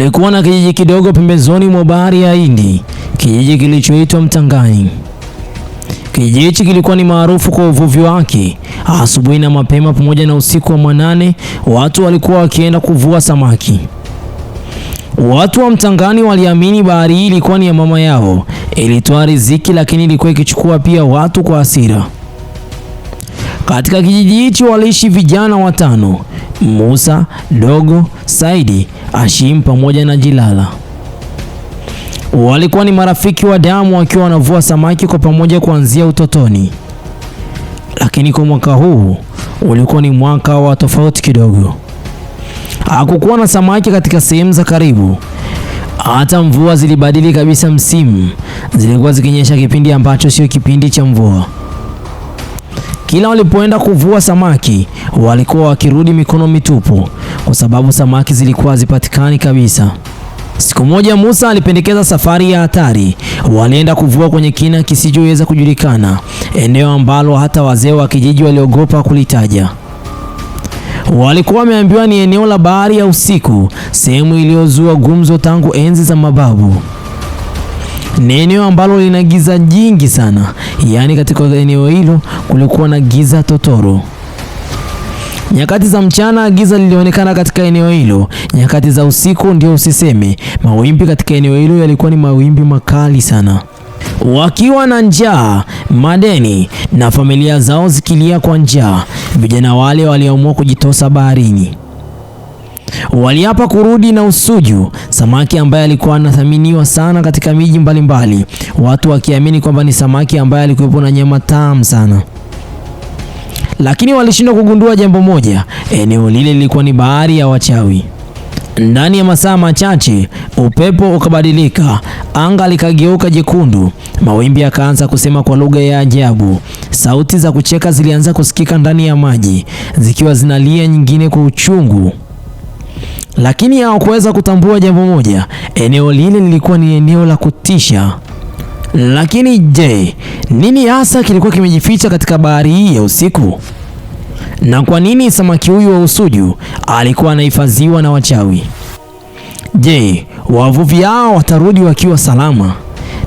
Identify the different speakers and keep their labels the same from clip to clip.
Speaker 1: Kulikuwa na kijiji kidogo pembezoni mwa bahari ya Hindi, kijiji kilichoitwa Mtangani. Kijiji hichi kilikuwa ni maarufu kwa uvuvi wake. Asubuhi na mapema pamoja na usiku wa manane, watu walikuwa wakienda kuvua samaki. Watu wa Mtangani waliamini bahari hii ilikuwa ni ya mama yao, ilitoa riziki, lakini ilikuwa ikichukua pia watu kwa hasira. Katika kijiji hichi waliishi vijana watano Musa, Dogo, Saidi, Ashim pamoja na Jilala. Walikuwa ni marafiki wa damu wakiwa wanavua samaki kwa pamoja kuanzia utotoni. Lakini kwa mwaka huu ulikuwa ni mwaka wa tofauti kidogo. Hakukuwa na samaki katika sehemu za karibu. Hata mvua zilibadili kabisa msimu. Zilikuwa zikinyesha kipindi ambacho sio kipindi cha mvua. Kila walipoenda kuvua samaki walikuwa wakirudi mikono mitupu, kwa sababu samaki zilikuwa hazipatikani kabisa. Siku moja Musa alipendekeza safari ya hatari. Walienda kuvua kwenye kina kisichoweza kujulikana, eneo ambalo hata wazee wa kijiji waliogopa kulitaja. Walikuwa wameambiwa ni eneo la bahari ya usiku, sehemu iliyozua gumzo tangu enzi za mababu. Ni eneo ambalo lina giza jingi sana, yaani katika eneo hilo kulikuwa na giza totoro. Nyakati za mchana giza lilionekana katika eneo hilo, nyakati za usiku ndio usiseme. Mawimbi katika eneo hilo yalikuwa ni mawimbi makali sana. Wakiwa na njaa, madeni na familia zao zikilia kwa njaa, vijana wale waliamua kujitosa baharini. Waliapa kurudi na usuju, samaki ambaye alikuwa anathaminiwa sana katika miji mbalimbali, watu wakiamini kwamba ni samaki ambaye alikuwepo na nyama tamu sana lakini walishindwa kugundua jambo moja: eneo lile lilikuwa ni bahari ya wachawi. Ndani ya masaa machache upepo ukabadilika, anga likageuka jekundu, mawimbi yakaanza kusema kwa lugha ya ajabu. Sauti za kucheka zilianza kusikika ndani ya maji, zikiwa zinalia nyingine kwa uchungu lakini hawakuweza kutambua jambo moja: eneo lile lilikuwa ni eneo la kutisha. Lakini je, nini hasa kilikuwa kimejificha katika bahari hii ya usiku? Na kwa nini samaki huyu wa Usuju alikuwa anahifadhiwa na wachawi? Je, wavuvi hao watarudi wakiwa salama?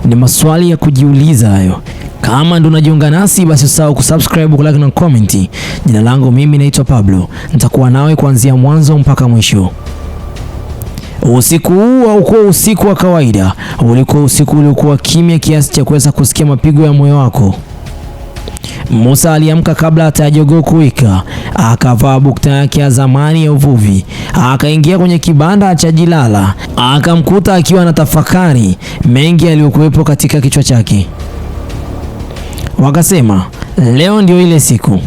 Speaker 1: Ni maswali ya kujiuliza hayo. Kama ndo unajiunga nasi, basi usahau kusubscribe, kulike na comment. Jina langu mimi naitwa Pablo, nitakuwa nawe kuanzia mwanzo mpaka mwisho. Usiku huu haukuwa usiku wa kawaida, ulikuwa usiku uliokuwa kimya kiasi cha kuweza kusikia mapigo ya moyo wako. Musa aliamka kabla hata jogoo kuwika, akavaa bukta yake ya zamani ya uvuvi, akaingia kwenye kibanda cha Jilala, akamkuta akiwa na tafakari mengi aliyokuwepo katika kichwa chake. Wakasema leo ndio ile siku.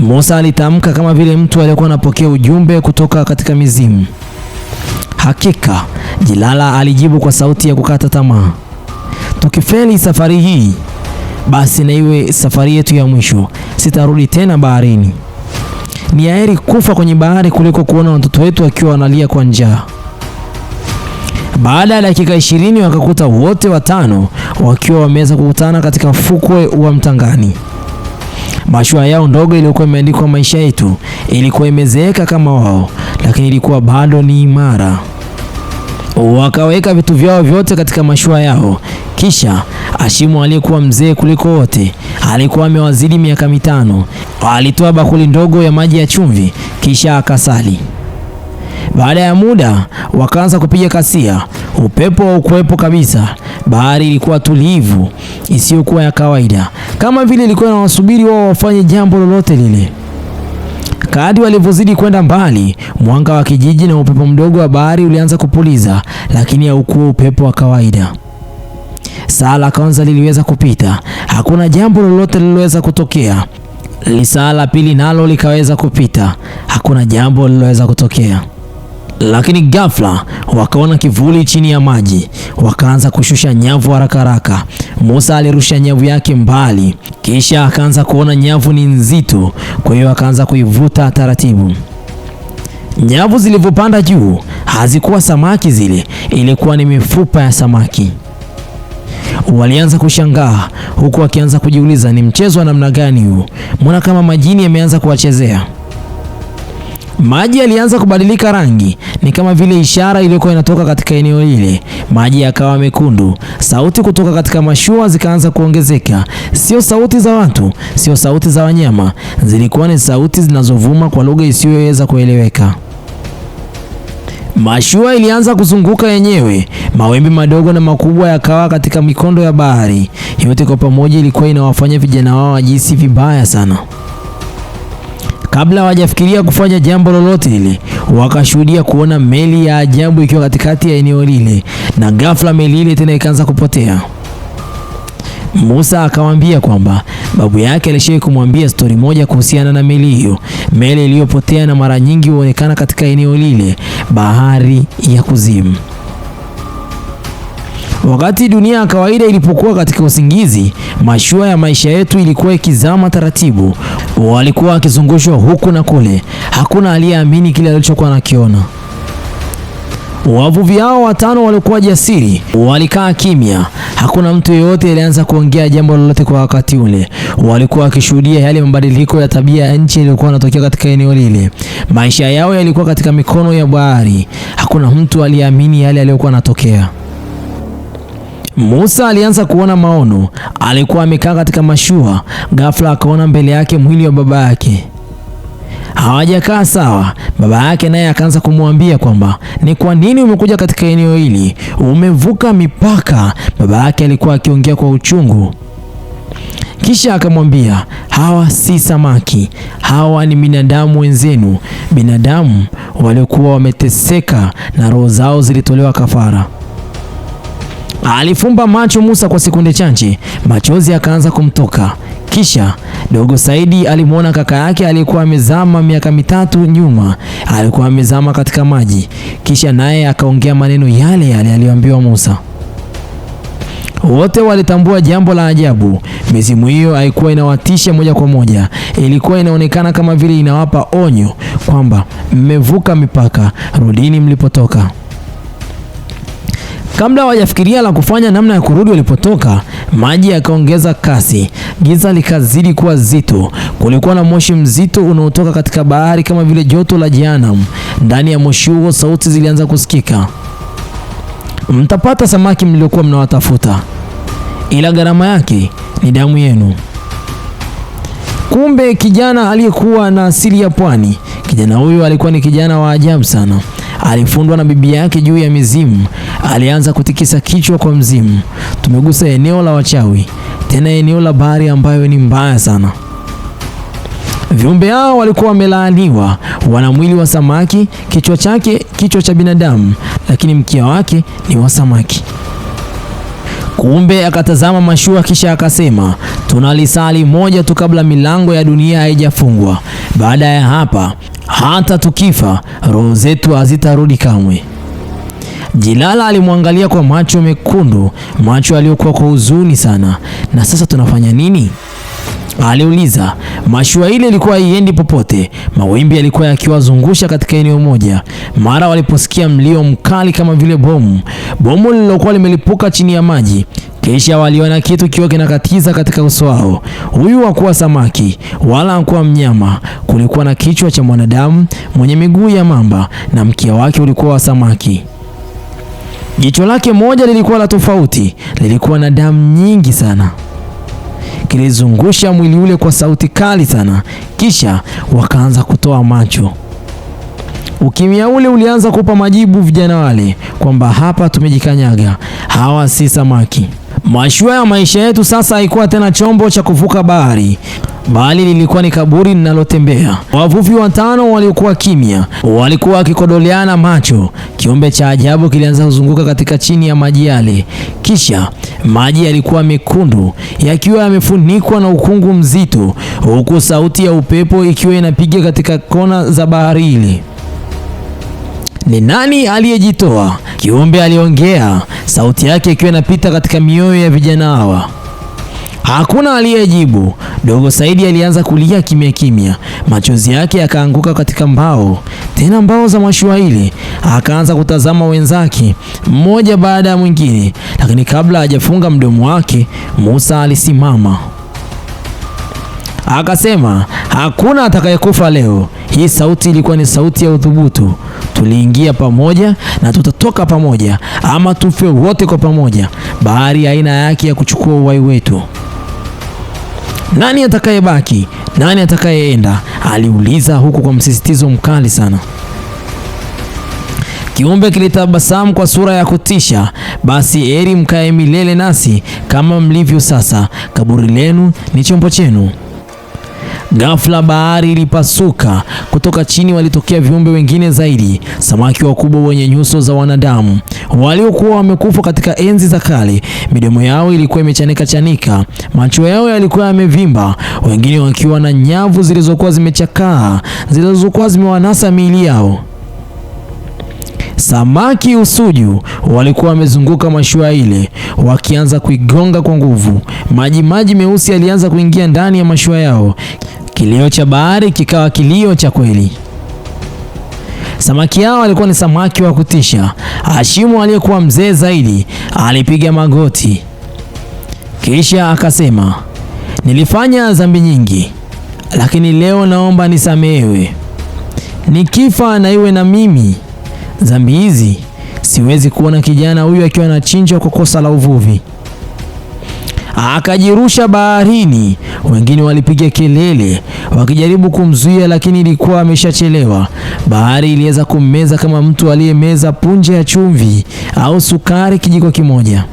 Speaker 1: Musa alitamka kama vile mtu aliyekuwa anapokea ujumbe kutoka katika mizimu. Hakika, Jilala alijibu kwa sauti ya kukata tamaa, tukifeli safari hii, basi na iwe safari yetu ya mwisho. Sitarudi tena baharini. Ni heri kufa kwenye bahari kuliko kuona watoto wetu wakiwa wanalia kwa njaa. Baada ya dakika ishirini wakakuta wote watano wakiwa wameweza kukutana katika fukwe wa Mtangani. Mashua yao ndogo iliyokuwa imeandikwa maisha yetu ilikuwa imezeeka kama wao, lakini ilikuwa bado ni imara. Wakaweka vitu vyao vyote katika mashua yao. Kisha Ashimu aliyekuwa mzee kuliko wote, alikuwa amewazidi miaka mitano, alitoa bakuli ndogo ya maji ya chumvi, kisha akasali. Baada ya muda wakaanza kupiga kasia, upepo wa ukuwepo kabisa Bahari ilikuwa tulivu, isiyokuwa ya kawaida, kama vile ilikuwa inawasubiri wao wafanye jambo lolote lile. Kadri walivyozidi kwenda mbali, mwanga wa kijiji na upepo mdogo wa bahari ulianza kupuliza, lakini haukuwa upepo wa kawaida. Saa la kwanza liliweza kupita, hakuna jambo lolote lililoweza kutokea. Lisaa la pili nalo likaweza kupita, hakuna jambo liloweza kutokea lakini ghafla wakaona kivuli chini ya maji, wakaanza kushusha nyavu haraka haraka. Musa alirusha nyavu yake mbali, kisha akaanza kuona nyavu ni nzito, kwa hiyo akaanza kuivuta taratibu. Nyavu zilivyopanda juu hazikuwa samaki zile, ilikuwa ni mifupa ya samaki. Walianza kushangaa huku wakianza kujiuliza ni mchezo wa namna gani huu, mbona kama majini yameanza kuwachezea. Maji yalianza kubadilika rangi, ni kama vile ishara iliyokuwa inatoka katika eneo lile. Maji yakawa mekundu, sauti kutoka katika mashua zikaanza kuongezeka. Sio sauti za watu, sio sauti za wanyama, zilikuwa ni sauti zinazovuma kwa lugha isiyoweza kueleweka. Mashua ilianza kuzunguka yenyewe, mawimbi madogo na makubwa yakawa katika mikondo ya bahari. Yote kwa pamoja ilikuwa inawafanya vijana wao wajisi vibaya sana. Kabla hawajafikiria kufanya jambo lolote lile, wakashuhudia kuona meli ya ajabu ikiwa katikati ya eneo lile, na ghafla meli ile tena ikaanza kupotea. Musa akamwambia kwamba babu yake alishawahi kumwambia stori moja kuhusiana na meli hiyo, meli iliyopotea na mara nyingi huonekana katika eneo lile, bahari ya kuzimu. Wakati dunia ya kawaida ilipokuwa katika usingizi, mashua ya maisha yetu ilikuwa ikizama taratibu, Walikuwa wakizungushwa huku na kule, hakuna aliyeamini kile alichokuwa nakiona. Wavuvi hao watano waliokuwa jasiri walikaa kimya. Hakuna mtu yeyote alianza kuongea jambo lolote kwa wakati ule. Walikuwa wakishuhudia yale mabadiliko ya tabia ya nchi yaliyokuwa yanatokea katika eneo lile. Maisha yao yalikuwa katika mikono ya bahari. Hakuna mtu aliyeamini yale yaliyokuwa yanatokea. Musa alianza kuona maono. Alikuwa amekaa katika mashua, ghafla akaona mbele yake mwili wa baba yake hawajakaa sawa. Baba yake naye akaanza kumwambia kwamba ni kwa nini umekuja katika eneo hili, umevuka mipaka. Baba yake alikuwa akiongea kwa uchungu, kisha akamwambia, hawa si samaki, hawa ni binadamu wenzenu, binadamu waliokuwa wameteseka na roho zao zilitolewa kafara. Alifumba macho Musa kwa sekunde chache, machozi akaanza kumtoka. Kisha dogo Saidi alimwona kaka yake aliyekuwa amezama miaka mitatu nyuma, alikuwa amezama katika maji. Kisha naye akaongea maneno yale yale aliyoambiwa Musa. Wote walitambua jambo la ajabu. Mizimu hiyo haikuwa inawatisha moja kwa moja, ilikuwa inaonekana kama vile inawapa onyo kwamba mmevuka mipaka, rudini mlipotoka. Kabla hawajafikiria la kufanya namna ya kurudi walipotoka, maji yakaongeza kasi, giza likazidi kuwa zito. Kulikuwa na moshi mzito unaotoka katika bahari kama vile joto la jehanamu. Ndani ya moshi huo, sauti zilianza kusikika, mtapata samaki mliokuwa mnawatafuta, ila gharama yake ni damu yenu. Kumbe kijana aliyekuwa na asili ya pwani, kijana huyo alikuwa ni kijana wa ajabu sana. Alifundwa na bibi yake juu ya mizimu, alianza kutikisa kichwa kwa mzimu. Tumegusa eneo la wachawi, tena eneo la bahari ambayo ni mbaya sana. Viumbe hao walikuwa wamelaaniwa, wana mwili wa samaki, kichwa chake kichwa cha binadamu, lakini mkia wake ni wa samaki. Kumbe akatazama mashua, kisha akasema, tunalisali moja tu kabla milango ya dunia haijafungwa. Baada ya hapa hata tukifa roho zetu hazitarudi kamwe. Jilala alimwangalia kwa macho mekundu, macho aliyokuwa kwa huzuni sana. Na sasa tunafanya nini? aliuliza. Mashua ile ilikuwa iendi popote, mawimbi yalikuwa yakiwazungusha katika eneo moja. Mara waliposikia mlio mkali kama vile bomu, bomu lililokuwa limelipuka chini ya maji. Kisha waliona kitu kikiwa kinakatiza katika uso wao. Huyu hakuwa samaki wala hakuwa mnyama. Kulikuwa na kichwa cha mwanadamu mwenye miguu ya mamba na mkia wake ulikuwa wa samaki. Jicho lake moja lilikuwa la tofauti, lilikuwa na damu nyingi sana akilizungusha mwili ule kwa sauti kali sana, kisha wakaanza kutoa macho. Ukimya ule ulianza kupa majibu vijana wale kwamba hapa tumejikanyaga, hawa si samaki. Mashua ya maisha yetu sasa haikuwa tena chombo cha kuvuka bahari, bali lilikuwa ni kaburi linalotembea. Wavuvi watano waliokuwa kimya walikuwa wakikodoleana macho. Kiumbe cha ajabu kilianza kuzunguka katika chini ya maji yale, kisha maji yalikuwa mekundu yakiwa yamefunikwa na ukungu mzito, huku sauti ya upepo ikiwa inapiga katika kona za bahari ile. Ni nani aliyejitoa? Kiumbe aliongea, sauti yake ikiwa inapita katika mioyo ya vijana hawa. Hakuna aliyejibu. Dogo Saidi alianza kulia kimya kimya, machozi yake yakaanguka katika mbao, tena mbao za ile. Akaanza kutazama wenzake mmoja baada ya mwingine, lakini kabla hajafunga mdomo wake, Musa alisimama akasema, hakuna atakayekufa leo. Hii sauti ilikuwa ni sauti ya udhubutu. Tuliingia pamoja na tutatoka pamoja, ama tufe wote kwa pamoja. Bahari haina haki ya kuchukua uhai wetu nani atakayebaki, nani atakayeenda? aliuliza huku kwa msisitizo mkali sana. Kiumbe kilitabasamu kwa sura ya kutisha. Basi eri mkae milele nasi kama mlivyo sasa, kaburi lenu ni chombo chenu. Ghafla bahari ilipasuka, kutoka chini walitokea viumbe wengine zaidi, samaki wakubwa wenye nyuso za wanadamu waliokuwa wamekufa katika enzi za kale. Midomo yao ilikuwa imechanika chanika, macho yao yalikuwa yamevimba, wengine wakiwa na nyavu zilizokuwa zimechakaa, zilizokuwa zimewanasa miili yao. Samaki usuju walikuwa wamezunguka mashua ile, wakianza kuigonga kwa nguvu. Maji maji meusi yalianza kuingia ndani ya mashua yao. Kilio cha bahari kikawa kilio cha kweli. Samaki hao alikuwa ni samaki wa kutisha. Hashimu aliyekuwa mzee zaidi alipiga magoti, kisha akasema, nilifanya dhambi nyingi, lakini leo naomba nisamehewe. Nikifa na iwe na mimi dhambi hizi. Siwezi kuona kijana huyu akiwa anachinjwa kwa kosa la uvuvi akajirusha baharini. Wengine walipiga kelele wakijaribu kumzuia, lakini ilikuwa ameshachelewa. Bahari iliweza kummeza kama mtu aliyemeza punje ya chumvi au sukari kijiko kimoja.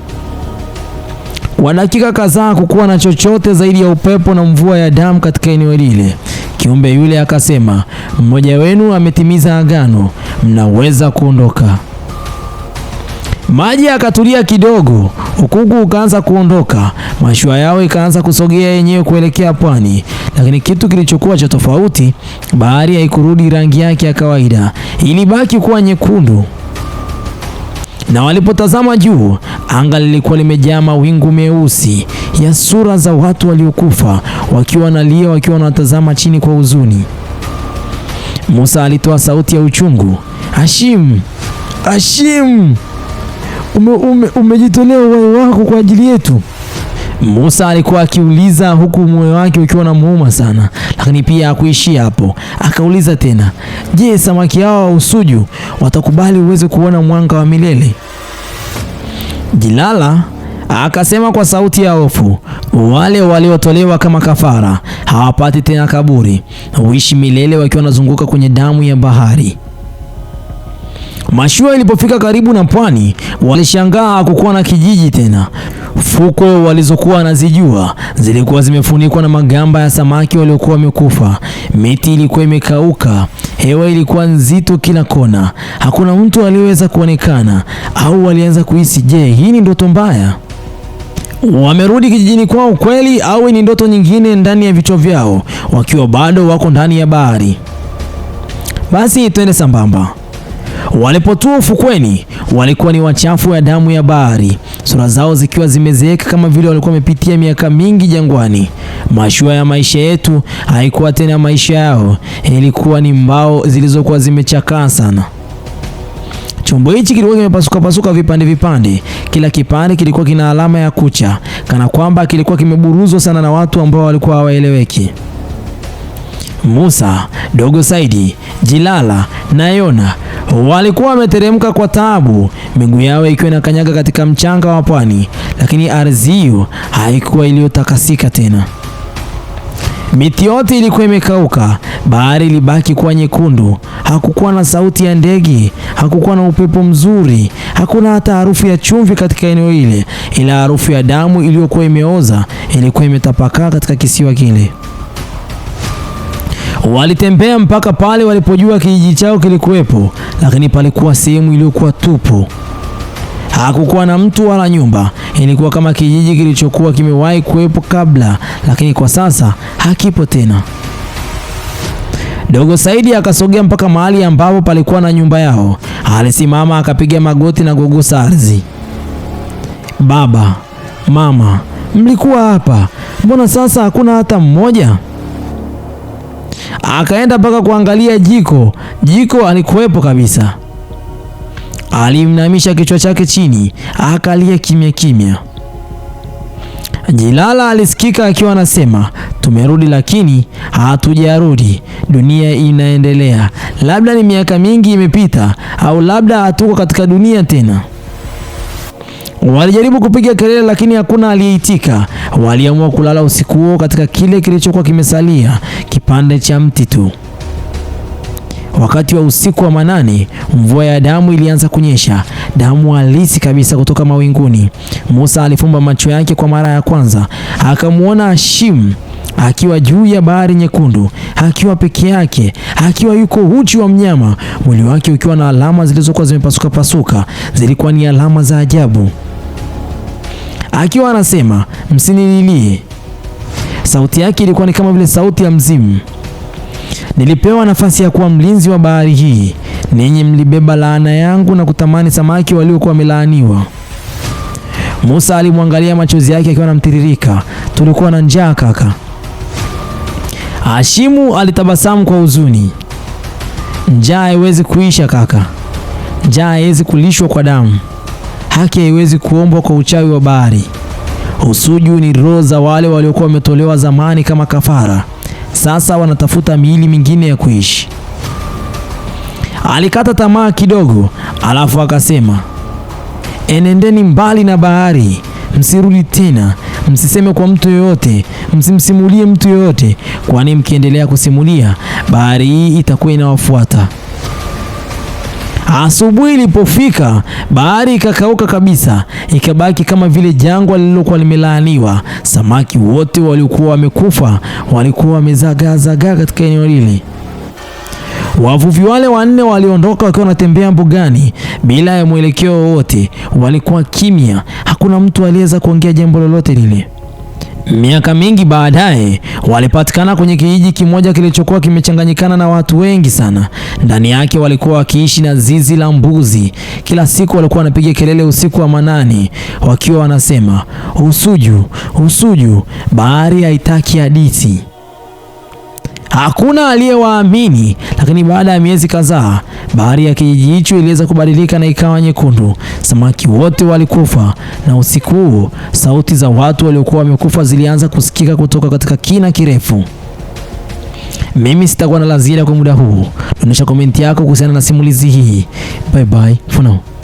Speaker 1: Kwa dakika kadhaa kukuwa na chochote zaidi ya upepo na mvua ya damu katika eneo lile. Kiumbe yule akasema, mmoja wenu ametimiza agano, mnaweza kuondoka. Maji yakatulia kidogo, ukungu ukaanza kuondoka, mashua yao ikaanza kusogea yenyewe kuelekea pwani. Lakini kitu kilichokuwa cha tofauti, bahari haikurudi rangi yake ya kawaida, ilibaki kuwa nyekundu na walipotazama juu, anga lilikuwa limejaa mawingu meusi ya sura za watu waliokufa, wakiwa wanalia, wakiwa wanatazama chini kwa huzuni. Musa alitoa sauti ya uchungu, Hashim, Hashim! umejitolea ume, ume uhai wako kwa ajili yetu. Musa alikuwa akiuliza huku moyo wake ukiwa na muuma sana, lakini pia hakuishia hapo. Akauliza tena, je, samaki hao wa usuju watakubali uweze kuona mwanga wa milele? Jilala akasema kwa sauti ya hofu, wale waliotolewa kama kafara hawapati tena kaburi, huishi milele wakiwa wanazunguka kwenye damu ya bahari. Mashua ilipofika karibu na pwani, walishangaa kukuwa na kijiji tena. Fuko walizokuwa wanazijua zilikuwa zimefunikwa na magamba ya samaki waliokuwa wamekufa. Miti ilikuwa imekauka, hewa ilikuwa nzito kila kona. Hakuna mtu aliyeweza kuonekana, au walianza kuhisi, je, hii ni ndoto mbaya? Wamerudi kijijini kwao kweli, au ni ndoto nyingine ndani ya vichwa vyao, wakiwa bado wako ndani ya bahari? Basi twende sambamba. Walipotua ufukweni, walikuwa ni wachafu ya damu ya bahari, sura zao zikiwa zimezeeka kama vile walikuwa wamepitia miaka mingi jangwani. Mashua ya maisha yetu haikuwa tena maisha yao, ilikuwa ni mbao zilizokuwa zimechakaa sana. Chombo hichi kilikuwa kimepasuka pasuka vipande vipande, kila kipande kilikuwa kina alama ya kucha, kana kwamba kilikuwa kimeburuzwa sana na watu ambao walikuwa hawaeleweki. Musa, Dogo Saidi, Jilala na Yona walikuwa wameteremka kwa taabu, miguu yao ikiwa inakanyaga katika mchanga wa pwani, lakini ardhi hiyo haikuwa iliyotakasika tena. Miti yote ilikuwa imekauka, bahari ilibaki kuwa nyekundu. Hakukuwa na sauti ya ndege, hakukuwa na upepo mzuri, hakuna hata harufu ya chumvi katika eneo ile, ila harufu ya damu iliyokuwa imeoza ilikuwa imetapakaa katika kisiwa kile. Walitembea mpaka pale walipojua kijiji chao kilikuwepo, lakini palikuwa sehemu iliyokuwa tupu. Hakukuwa na mtu wala nyumba. Ilikuwa kama kijiji kilichokuwa kimewahi kuwepo kabla, lakini kwa sasa hakipo tena. Dogo Saidi akasogea mpaka mahali ambapo palikuwa na nyumba yao. Alisimama akapiga magoti na kugusa ardhi. Baba, mama, mlikuwa hapa, mbona sasa hakuna hata mmoja? Akaenda mpaka kuangalia jiko, jiko alikuwepo kabisa. Alimnamisha kichwa chake chini, akalia kimya kimya. Jilala alisikika akiwa anasema, tumerudi lakini hatujarudi, dunia inaendelea. Labda ni miaka mingi imepita, au labda hatuko katika dunia tena. Walijaribu kupiga kelele lakini hakuna aliyeitika. Waliamua kulala usiku huo katika kile kilichokuwa kimesalia kipande cha mti tu. Wakati wa usiku wa manane, mvua ya damu ilianza kunyesha, damu halisi kabisa kutoka mawinguni. Musa alifumba macho yake kwa mara ya kwanza, akamwona Hashim akiwa juu ya bahari nyekundu, akiwa peke yake, akiwa yuko uchi wa mnyama, mwili wake ukiwa na alama zilizokuwa zimepasuka pasuka. Zilikuwa ni alama za ajabu. Akiwa anasema msinililie, sauti yake ilikuwa ni kama vile sauti ya mzimu. Nilipewa nafasi ya kuwa mlinzi wa bahari hii, ninyi mlibeba laana yangu na kutamani samaki waliokuwa wamelaaniwa. Musa alimwangalia, machozi yake akiwa anamtiririka. Tulikuwa na njaa kaka. Hashimu alitabasamu kwa huzuni. Njaa haiwezi kuisha kaka, njaa haiwezi kulishwa kwa damu, haki haiwezi kuombwa kwa uchawi wa bahari. Usuju ni roho za wale waliokuwa wametolewa zamani kama kafara, sasa wanatafuta miili mingine ya kuishi. Alikata tamaa kidogo, alafu akasema, enendeni mbali na bahari, msirudi tena, Msiseme kwa mtu yoyote, msimsimulie mtu yoyote, kwani mkiendelea kusimulia, bahari hii itakuwa inawafuata. Asubuhi ilipofika bahari ikakauka kabisa, ikabaki kama vile jangwa lililokuwa limelaaniwa. Samaki wote waliokuwa wamekufa walikuwa wamezagaazagaa katika eneo lile. Wavuvi wale wanne waliondoka wakiwa wanatembea mbugani bila ya mwelekeo wowote, walikuwa kimya. Hakuna mtu aliyeweza kuongea jambo lolote lile. Miaka mingi baadaye walipatikana kwenye kijiji kimoja kilichokuwa kimechanganyikana na watu wengi sana. Ndani yake walikuwa wakiishi na zizi la mbuzi. Kila siku walikuwa wanapiga kelele usiku wa manani, wakiwa wanasema usuju usuju, bahari haitaki hadithi hakuna aliyewaamini. Lakini baada ya miezi kadhaa, bahari ya kijiji hicho iliweza kubadilika na ikawa nyekundu, samaki wote walikufa, na usiku huo sauti za watu waliokuwa wamekufa zilianza kusikika kutoka katika kina kirefu. Mimi sitakuwa na la ziada kwa muda huu. Dondosha komenti yako kuhusiana na simulizi hii. Bye bye for now.